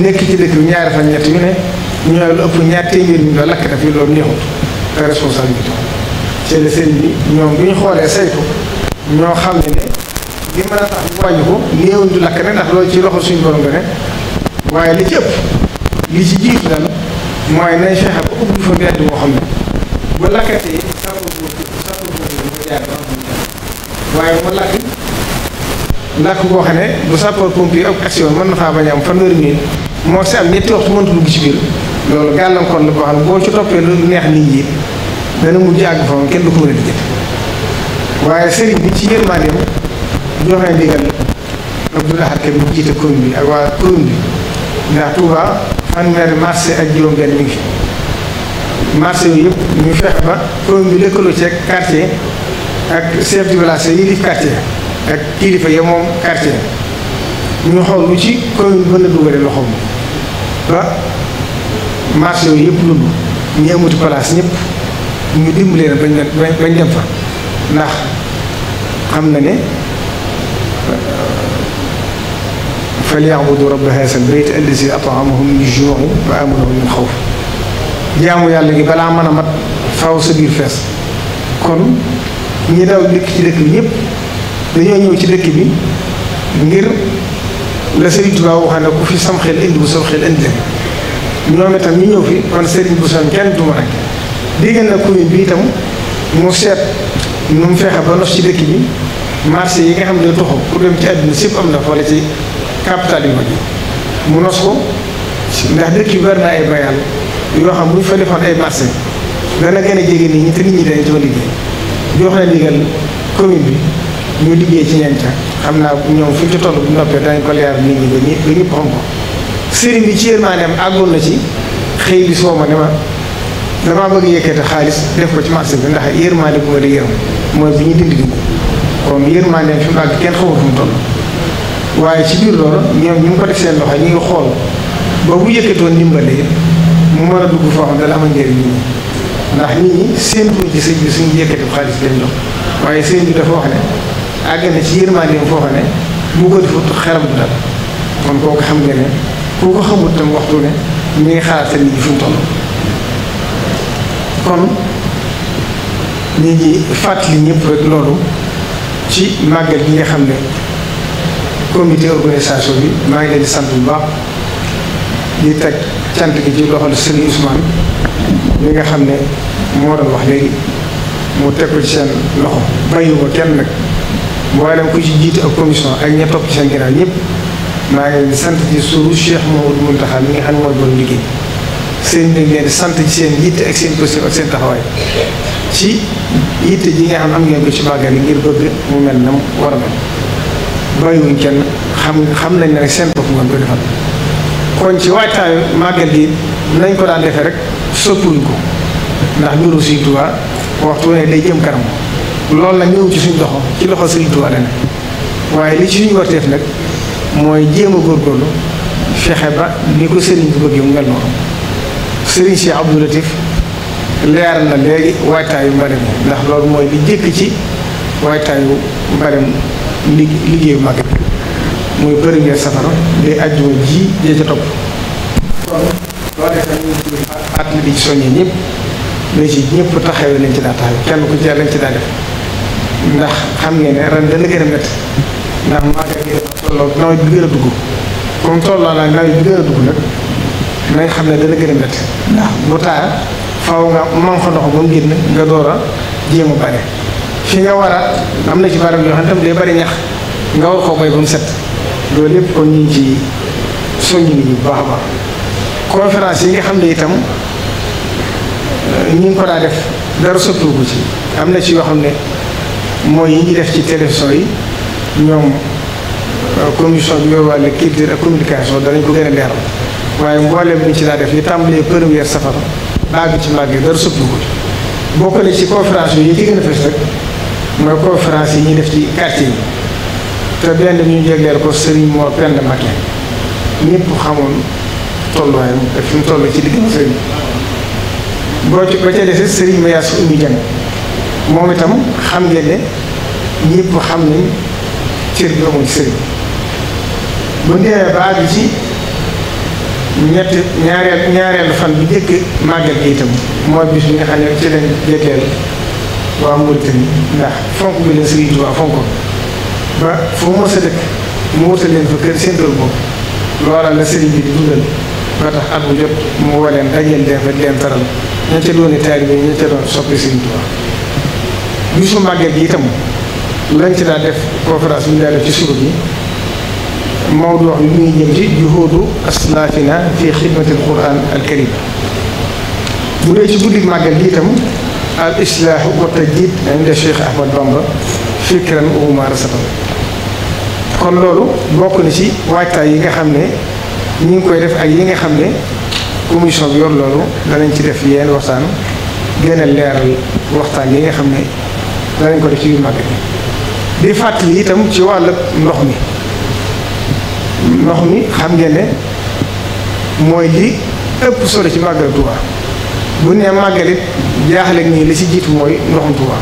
nekk ci dëkk bi ñaari fan ñett yu ne ñooy lu ëpp ñaar téeméer ñu la lakk daf yi loolu neexut te responsabilité ci la bi ñoom bu xoolee saytu ñoo xam ne ne li mën a tax bu wàññi ko néew du lakk ne ndax loolu ci loxo suñu borom nga ne waaye li ci ëpp li ci jiitu daal mooy nañ fexe ba ubbi fa mbedd moo xam ne bu lakkatee sàmm boobu sàmm boobu lakk boo xam ne bu sapeur pompier ak action mën na faa bañ a am fanweeri minute moo si am ñetti waxtu mënut a dugg ci biir loolu gàllankoor la boo xam ne boo ci toppee lu neex nit ñi na mu àgg fa kenn du ko mën a diggante waaye sëriñ bi ci yërmandeem joxe ndigal Abdoul Ahad Ka mu jiite commune bi ak waa commune bi ndax Touba fanweeri marché ak juróom-benn mi ngi fi yooyu yëpp ñu fexe ba commune bi lëkkaloo ci ak quartier ak chef de village yi di quartier ak kilifa ya moom quartier ñu xool lu ci commune a dugale ba marché yooyu yëpp lund ñu amuti place ñëpp ñu dimbali leen bañ bañ dem fa ndax xam na ne falyabudu rabba haasal a allazi at'amahum min juu'in wa aamanahum min xawf jaamu yàlla ngi balaa mën a mat faaw sa biir fees kon ñi daw dëkk ci dëkk bi ñëpp dañoo ñëw ci dëkk bi ngir la Sëriñ Tuubaa waxee ne ku fi sam xel bu sam xel indi la ñoom itam ñu ñëw fi kon sëriñ bu sam kenn duma rek dégg na commune bi itam mu seet nu mu fexe ba nos ci dëkk bi marché yi nga xam ne toxu ku dem ci àdduna sépp am na foole ci capital yu mag yi mu nos ko ndax dëkk yu bari ay bayal yoo xam bu ñu fa defoon ay marché dana gën jege nit ñi te nit ñi dañu soo liggéey jox na ndigal bi ñu liggéey ci ñeent xam naa ñoom fu ñu ci toll bu noppee danañ ko leer nit ñi ba ñëpp ba ñëpp xam ko sëriñ bi ci yërmandeem àggoon na ci xëy bi soo ma ne ma damaa bëgg yëkkati xaalis def ko ci marché bi ndax yërmande bu ma di yërëm mooy bu ñu dindi kon yërmande fi mu àgg kenn xamul fu mu waaye ci biir loolu ñoom ñu ngi ko teg seen loxo ñu ngi xool boobu bu yëkkatoon ndimbale it mu mën a dugg foo xam ne dana am njëriñ ndax nit ñi séentuñ ci sëñ bi suñu yëkkati xaalis dañ jox waaye sëñ bi dafa wax ne àgg na ci yërmandeem foo ne mu ko defut xeram du dal kon kooku xam nga ne ku ko xamul tam waxtu ne ñu ngi xalaat nit ñi fu mu toll kon ñu ngi fàttali ñëpp rek loolu. ci màggal gi nga xam ne comité organisation bi maa ngi leen di sant bu baax di teg cant gi ci loxol Serigne Ousmane mi nga xam ne moo doon wax léegi moo teg ko ci seen loxo bàyyi ko kenn nag mboolem ku ci jiite ak commission ak ña topp ci seen ginnaaw ñëpp maa ngi leen di sant ci suuru Cheikh Mamadou Mountakha mi nga xam ne moo doon liggéey seen ñu leen sant ci seen yitte ak seen position ak seen taxawaay ci yitte ji nga xam am ngeen ko ci màggal yi ngir bëgg mu mel na mu war a mel bàyyiwuñ kenn xam xam nañ rek seen bopp ngeen ko defal kon ci waajtaayu màggal gi nañ ko daan defee rek soppuñ ko ndax mbiru Sëriñ Tuubaa waxtu ne day jëm kanam loolu nag ñëw ci suñ loxo ci loxo Sëriñ Tuubaa la waaye li ci suñu warteef nag mooy jéem a góorgóorlu fexe ba ni ko sëriñ bi bëggee mu mel noonu sëriñ si Abdou leeral na léegi waajtaayu mbalim ndax loolu mooy li jëkk ci waajtaayu mbalim li liggéeyu màggal muy premier safara di ajjuma ji jee ca topp kon loolu itam at ci soññee ñëpp ne ci ñëpp taxawee nañ ci daa taxawee kenn ku ci lañ ci daa xam ne ren dana gën a métti ndax màggal gi dafa tolloo a dugg comme tolloo xam ne dana gën faaw nga man fa ndox ba mu génn nga door a jéem a bare fi nga war a am na ci barab yoo xam tam day bari ñax nga war koo bay ba mu set loolu lépp kon ñu ngi ci soññi nit bu baax a baax conférence yi nga xam ne itam ñu ngi ko daa def dara sottuuku ci am na ci yoo xam ne mooy yi ñuy def ci télévision yi ñoom euh, commission bi yor wàllu culture ak communication danañ ko gën a leeral waaye mboolem bi ci daa def li tàmbalee première safara bàgg ci màgg yi dara soppiku bokk na ci conférence yooyu yi ci gën a rek mooy conférence yi ñuy def ci quartier yi te benn ñu jégleel ko Serigne moo penn Mbacké ñëpp xamoon tolluwaayam ak fi mu toll ci digg Serigne boo ci ba ca dese Serigne moom itam xam ngeen ne ñëpp xam nañ cër bi amoon ba àgg ci. ñett ñaareel ñaareelu fan bi jëkk màggal gi itam mooy bis bi nga xam ne ci lañ jëkkeel waa Mauritanie ndax fonk bi leen Sëriñ Tuubaa fonk ba fu mës a dëkk mu wutal leen fa kër seen kër boobu loola la sëriñ bi di dundal ba tax at bu jot mu woo leen leen fa leen taral ña ca dooni taalibe ña ca doon soppi Sëriñ Tuubaa bisu màggal gi itam lañ ci daa def conférence bi ñu def ci suba bi mawduu bi muy jëm ci juhuudu aslaafina fi xidmati alquran alkarim bu dee ci guddi màggal gi itam al islaahu wa tajdid inda Cheikh Ahmad Bamba fikran kon loolu bokk na ci waajtaay yi nga xam ne ñu ngi koy def ak yi nga xam ne commission bi yor loolu danañ ci def yenn waxtaan gën a leeral waxtaan yi nga xam ne danañ ko def ci biir màggal yi di fàttali itam ci wàllu ndox mi. ndox mi xam ngeen ne mooy li ëpp solo ci màggal Tuuba bu nee màggalit jaaxle nii li ci jiitu mooy ndoxum Tuuba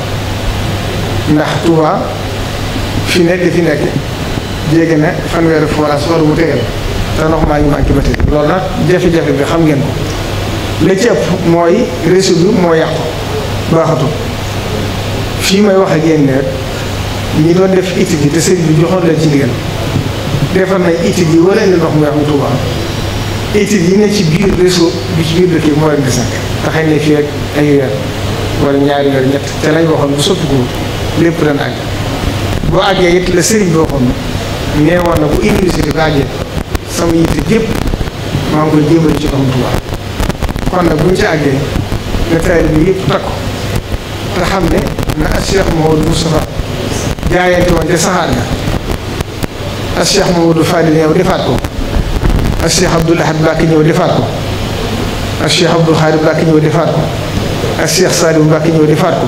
ndax Tuuba fi ne di fi nekk jéggi na fanweeri forage war bu tegal te ndox maa ngi manqué ba tey loolu nag jafe-jafe bi xam ngeen ko la ci ëpp mooy réseau bi moo yàqu baaxatul fii may wax ak yéen ne ñi doon def étude te sëriñ bi joxoon la ci ndigal defar nañ études yi waree ne ndox mu am Touba études yi ne ci biir réseau bi ci biir dëkk yi moo leen di sànq taxañ ne fii ak ay weer wala ñaari weer ñett te lañ waxoon bu soppiku lépp dana àgg boo àggee it la sëriñ bi waxoon nee woon na bu université ba àggee sama yitte yëpp kon nag buñ ci àggee na taalibe bi yëpp takku te xam ne na Cheikh Mawal Moustapha jaayante woon te saxaar nga ak Cheikh Mamadou Fadil ñëw defaat ko ak Cheikh Abdoul Ahad Mbacke ñëw defaat ko ak Cheikh Abdoul Khadr Mbacke ñëw defaat ko ak Cheikh Saliou Mbacke ñëw defaat ko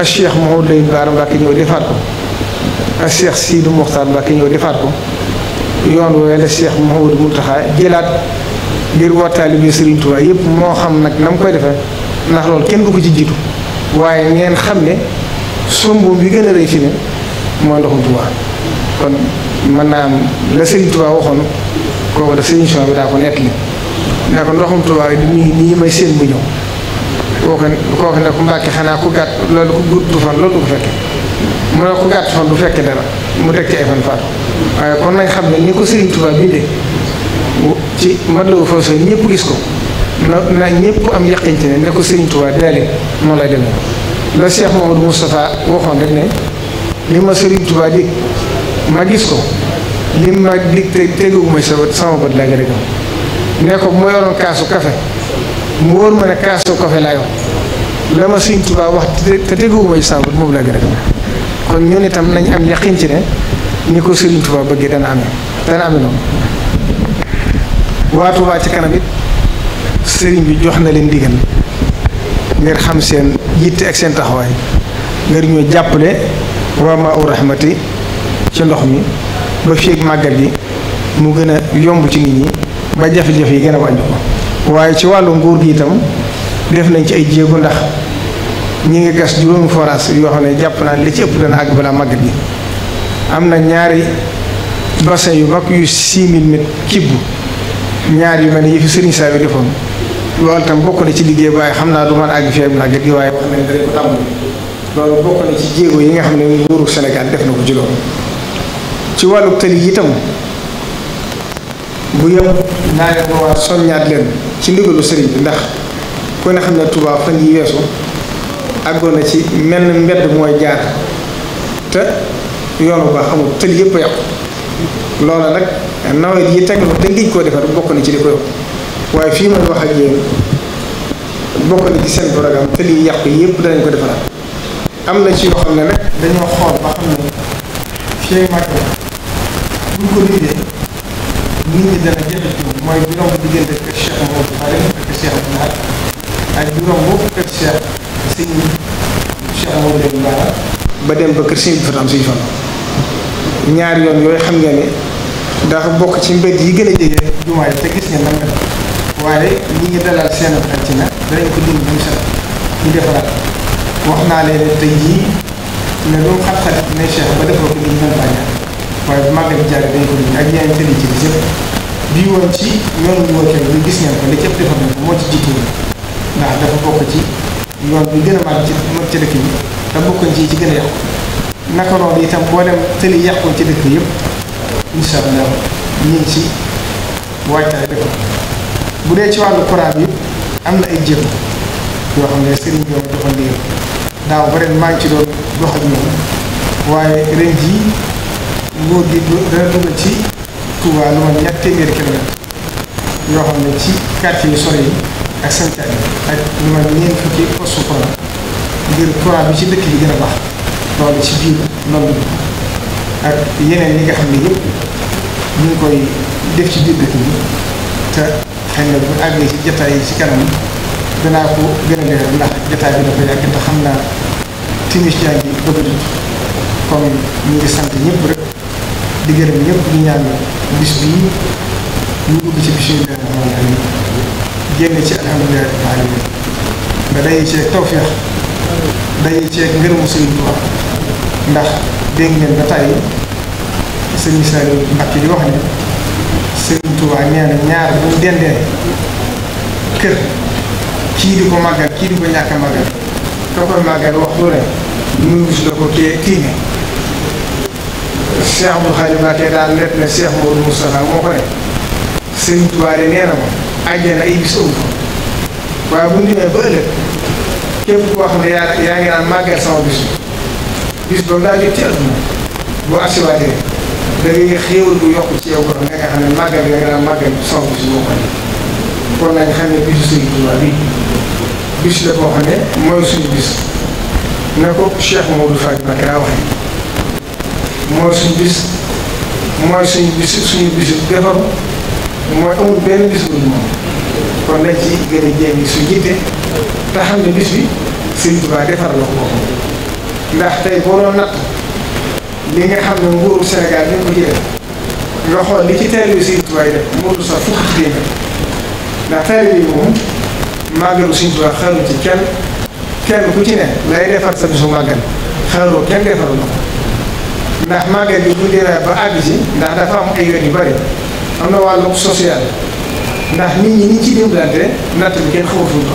ak Cheikh Mouhamadou Lamine Bara Mbacke ñëw defaat ko ak Cheikh Sidou Mokhtar Mbacke ñëw defaat ko yoon woowee la Cheikh Mouhamadou jëlaat ngir war taalibe Serigne Touba yëpp moo xam nag na koy defee ndax loolu kenn du ko ci jiitu waaye ngeen xam ne somboom bi gën a rëy fi ne mooy ndoxum Touba. kon mën naa am la Serigne Touba waxoon kooku da Serigne Touba bi daa ko nettali ne ko ndoxum Touba yi di nii nii may seen mu ñëw kooku kooku ne ko Mbàkke xanaa ku gàtt loolu ku gudd fan loolu du ko fekke mu ne ku gàtt fan du fekke mu teg ci ay fan nañ xam ne ni ko Serigne Touba bindee ci Matlaboul Fawzayni ñëpp gis ko na na ñëpp am yaqinte ne ne ko Serigne la Cheikh Mamadou Moustapha waxoon rek ne li ma Serigne Touba di ma gis ko lim ma dig te teguwuma sa bët sama bët laa gën a gëm ne ko bu ma yoroon kaasu kafe mu wóor ma ne kaasu kafe laa yor la ma Sëriñ Tuubaa wax te teguwuma ci sama bët moom laa gën a gëm kon ñun itam nañ am yaqin ci ne ni ko Sëriñ Tuubaa bëggee dana amee dana amee noonu waa ci kanam it sëriñ bi jox na leen digal ngir xam seen yitte ak seen taxawaay ngir ñoo jàppale waa maa u rahmati ci ndox mi ba fii ak màggal gi mu gën a yomb ci nit ñi ba jafe-jafe yi gën a wàññi ko waaye ci wàllu nguur gi itam def nañ ci ay jéego ndax ñi ngi gas juróom forage yoo xam ne jàpp naa li ci ëpp dana àgg balaa màggal gi am na ñaari bassin yu mag yu 6000 mètres cube ñaar yu mel ni yi fi Serigne Saliou defoon loolu tam bokk na ci liggéey waaye xam naa du man àgg fii ak màggal gi waaye wax nañ danañ ko tàmbali loolu bokk na ci jéego yi nga xam ne nguuru Sénégal def na ko ci loolu ci wàllu tëli itam bu yem naa leen ko waa soññaat leen ci ndigalu sëriñ bi ndax ku ne xam ne Tuubaa fan yi weesu àggoon na ci menn mbedd mooy jaar te yoonu ba xamul tëli yëpp a yàqu loola nag nawet yi teg na te ngij koo defar bokk na ci di ko waaye fii may wax ak yéen bokk na ci seen programme tëli yi yàqu yëpp danañ ko defaraat am na ci yoo xam ne nag dañoo xool ba xam ne fii mag bu ñu ko liggéey nit ñi dana jëlee jiw mooy bi romb diggante kër Cheikh Mouhamadou ba dem ba kër sëñ bi yoon yooy xam nga ne dafa bokk ci mbedd yi gën a jege jumaa yi te gis ngeen nan la waaye ñi ngi dalal seen xel ci nag ko dund bu set ñu defaraat wax naa leen tey jii ne lu xat-xat ne ba defoo ko li ñu mën waaye bu màggal jaare dañ ko ak yeneen sëriñ ci bis yëpp bii woon ci yoon wi wooteel bi gis ngeen ko li cëpp defar nañ moo ci jiitu ndax dafa bokk ci yoon bi gën a màgg ci ci dëkk bi te bokkoon ci ci gën a yàqu naka noonu itam boolem tëli ci dëkk yëpp incha allah ñu ngi bu dee ci wàllu courant am na ay jéego yoo xam maa ngi ci waaye ren jii nguur gi dana dugal ci Touba lu ma ñett téeméeri kilomètre yoo xam ne ci quartier yu sori yi ak santaane ak lu ma ñeent fukki poste courant ngir courant bi ci dëkk yi gën a baax loolu ci biir loolu ak yeneen yi nga xam ne yëpp ñu ngi koy def ci biir dëkk bi te xëy na bu àggee ci jataay yi ci kanam danaa ko gën a leeral jataay bi dafa yàgg te xam naa timis yaa ngi bëgg a dugg ñu ngi sant ñëpp rek. di gërëm ñëpp di ñaan bis bii ñu dugg ci bisimilah rahmaani rahim génn ci alhamdulilah rabbil alamin nga day ceeg tawféex day ceeg ngërëmu Sëriñ Tuubaa ndax dégg ngeen ba tàyyi Sëriñ Saliou Mbacke di wax ni Sëriñ Tuubaa ñaar bu dendee kër kii di ko màggal kii di ko ñàkk a màggal koy màggal wax lu ne ñu gis la ko kii kii ne Cheikh Abdou Khadre Mbacké daal lett ne Cheikh Modou Moustapha moo ko ne Sëriñ Tuubaa de nee na ma àjjana bis amu fa waaye bu ñu demee ba ëllëg képp koo xam ne yaa ngi naan màggal sama bis ci àdduna boo xam ne kon nañ xam ne bisu Sëriñ Tuubaa bis la boo xam ne mooy suñu bis na ko Cheikh Modou Fatou Mbacké daa waxee mooy suñ bis mooy suñ bis suñu bisu defaru mooy amul benn bis bu moom kon dañ ci gën a jéem su jiite te xam ne bis bi Sëriñ Tuubaa defar la ko ndax tey boo doon natt li nga xam ne nguuru Sénégal ni ko ci nga xool li ci taalibe Sëriñ Tuubaa yi def mënul sax fukki téeméer ndax taalibe yi moom màggalu Sëriñ Tuubaa xaru ci kenn kenn ku ci ne lay defar sa bisu màggal xaaroo kenn defaral na ndax màggal bi bu dee ba àgg si ndax dafa am ay yu bari am na wàllu social ndax nit ñi ni ci dimbalante natt bi kenn xamatul ko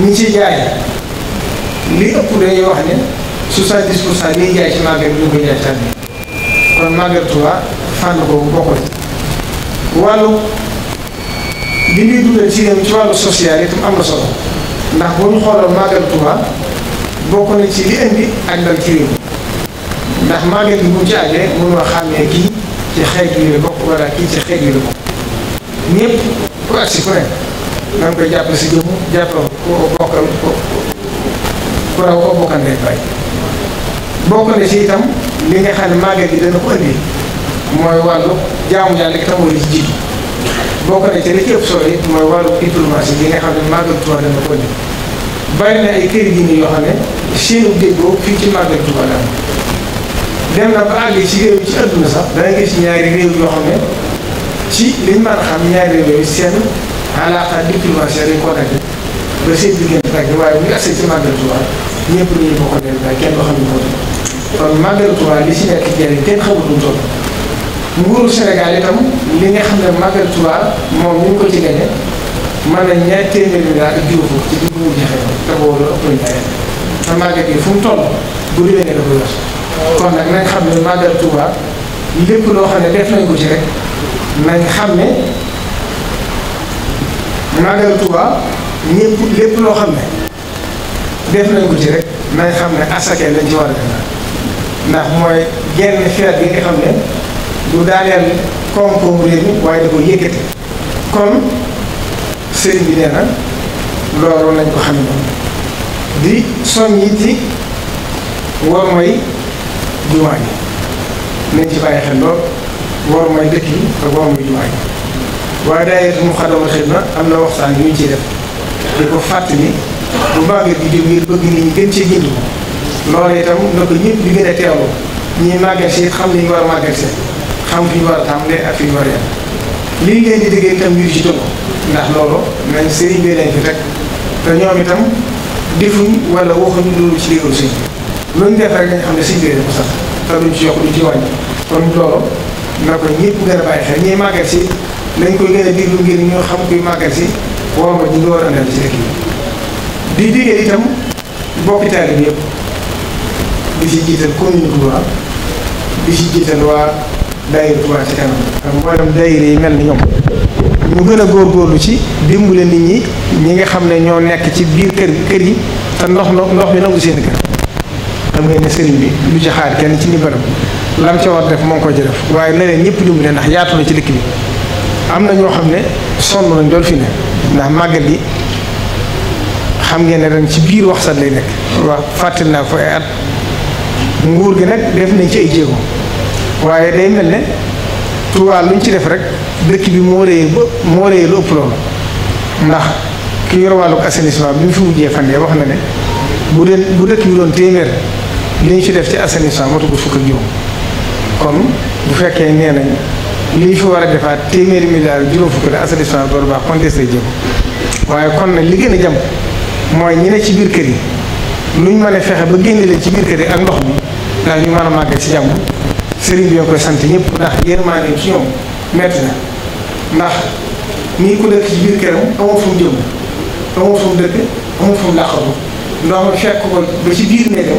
ñi ci jaay li ëpp dañuy wax ne 70 pour cent liy jaay ci màggal bi ñu ngi koy jaay tànn kon màggal Tuubaa fànn boobu bokkul wàllu li ñuy dugal ci réew ci wàllu social itam am na solo ndax bu ñu xoolal màggal Tuubaa bokk na ci li indi ak dal ci réew ndax màgget gi bu ci àggee mënoo xàmmee kii ci xeet yu bokk wala kii ci xeet yu la bokk ñëpp ku agsi ku ne na koy jàpp si jëmm jàppal ko bokkal ko bokk na ci itam li nga xam ne màgget gi dana ko indi mooy wàllu jaamu yàlla gi tamoo li ci jiitu bokk na ci li ci ëpp it mooy wàllu diplomatie bi nga xam ne màggal Tuubaa dana ko indi bari na ay kër yi nii yoo xam ne seenu déggoo fii ci màggal Tuubaa la dem na ba àgg ci réew ci adduna sax dana gis ñaari réew yoo xam ne ci liñ mën a xam ñaari réew yooyu seen alaaka diplomatie dañ koo seen diggante dagg waaye bu ñu agsee ci màggal Tuuba ñëpp ne moom kon màggal Tuuba li ci nekk njëriñ kenn xamul mu toll. nguuru Sénégal itam li nga xam ne màggal Tuuba moom ñu ngi ko ci gagné mën na ñaari téeméeri milliards ak juróom fukk ci biir nguur jafe te boobu loolu ëpp nañu te màggal gi fu toll bu déwénee da koy wax. kon nag nañ xam ne màggal Tuuba lépp loo xam ne def nañ ko ci rek nañ xam ne màggal Tuuba ñëpp lépp loo xam ne def nañ ko ci rek nañ xam ne asakee lañ ci war a def ndax mooy genn feet bi nga xam ne du daaneel koom-koomu waaye da ko yëkkati kon sëriñ bi nee na loolu lañ ko xam ne di soññ ci war mooy jumaa ji nañ ci bàyyi xel lool war may dëkk yi ak war may jumaa ji waaye daayira Muxaddamatul Xidma am na waxtaan yu ñu ci def di ko fàttali bu màggal gi jóg ngir bëgg nit ñi gën cee jënd loolu itam na ko ñëpp di gën a teewlu ñuy màggal si xam li ñu war a màggal si xam fi ñu war a tàmbalee ak fi ñu war a lii ngeen di déggee itam ñu ci tënk ndax loolu nañ sëriñ bi leen fi rek te ñoom itam defuñ wala waxuñ loolu ci réewu sëriñ loolu def rek nga xam ne sëñ bi ko sax te ci yokk duñ ci wàññi kon loolu na ko ñëpp gën a bàyyi xel ñiy màggal si nañ koy gën a déglu ngir ñoo xam kuy màggal si war ma ñi nga war a andal ci dëkk bi di diggee itam bokki taalib yëpp di ci jiital commune Touba di ci jiital waa daayira Touba ci kanam ak mboolem daayira yi mel ni ñoom ñu gën a góor góorlu ci dimbale nit ñi ñi nga xam ne ñoo nekk ci biir kër kër yi te ndox ndox mi nangu seen xam ngeen ne sëriñ bi lu ci xaar kenn ci ndimbalam lam ca war def moom ngi ko ci def waaye na leen na ci dëkk bi na ñoo xam ne sonn nañ dool fi ne ndax màggal gi xam ngeen ne ren ci biir wax sat lay nekk wax fàttali naa ko ay at nguur gi nag def nañ ci ay jéego waaye day mel ne Tuubaa luñ ci def rek dëkk bi moo réyee moo réyee lu ëpp loolu ndax ki yor wàllu assainissement bi mu fi wujjee fan yee wax na ne bu dee bu dëkk bi doon téeméer li ñu ci def ci assainissement motugul fukk ak juróom kon bu fekkee nee nañ li fi war a defaat téeméeri milliards juróom fukk la assainissement boobu baax kon des na waaye kon nag li gën a jàmp mooy ñi ne ci biir kër yi luñ ma a fexe ba génne ci biir kër yi ak ndox mi ndax ñu mën a màggal ci jàmm sëriñ bi ñoo koy sant ñëpp ndax yërmande ci ñoom metti na ndax nii ku dëkk ci biir këram amul fu mu jëm amul fu mu dëkk amul fu mu làqatu ndox mi fekk ko ba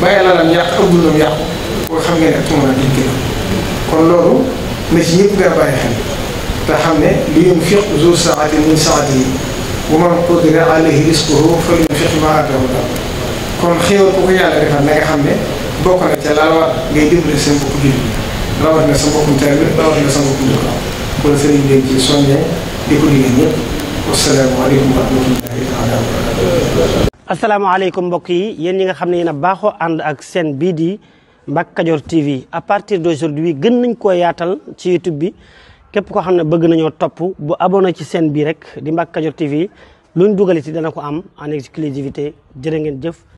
bàyyi alalam yàqu ak dundam yàqu boo xam nga ne ak tuuma dañ koy kon loolu na ci ñëpp gën a bàyyi xel te xam ne li yunfiq zu saatin min saatihi wa man qudira alayhi rizquhu falyunfiq maa aataahu Allah kon xéewal ku ko yàlla defal na nga xam ne bokk na ca laa war ngay dimbali seen bopp jullit rawat na sa mbokkum teel bi rawat na sa mbokkum dëkk kon sëriñ bi ci soññee di ko liggéey ñëpp wasalaamaaleykum wa rahmatullahi taala wa barakatuh asalaamaaleykum mbokk yi yéen yi nga xam ne yéen a baaxoo ànd ak seen bii di Mbacke Kadior TV à partir d'aujourd'hui gën nañ ko yaatal ci YouTube bi képp koo xam ne bëgg nañoo topp bu abonné ci seen bii rek di Mbacke Kadior TV luñ dugal ci dana ko am en exclusivité jërë ngeen jëf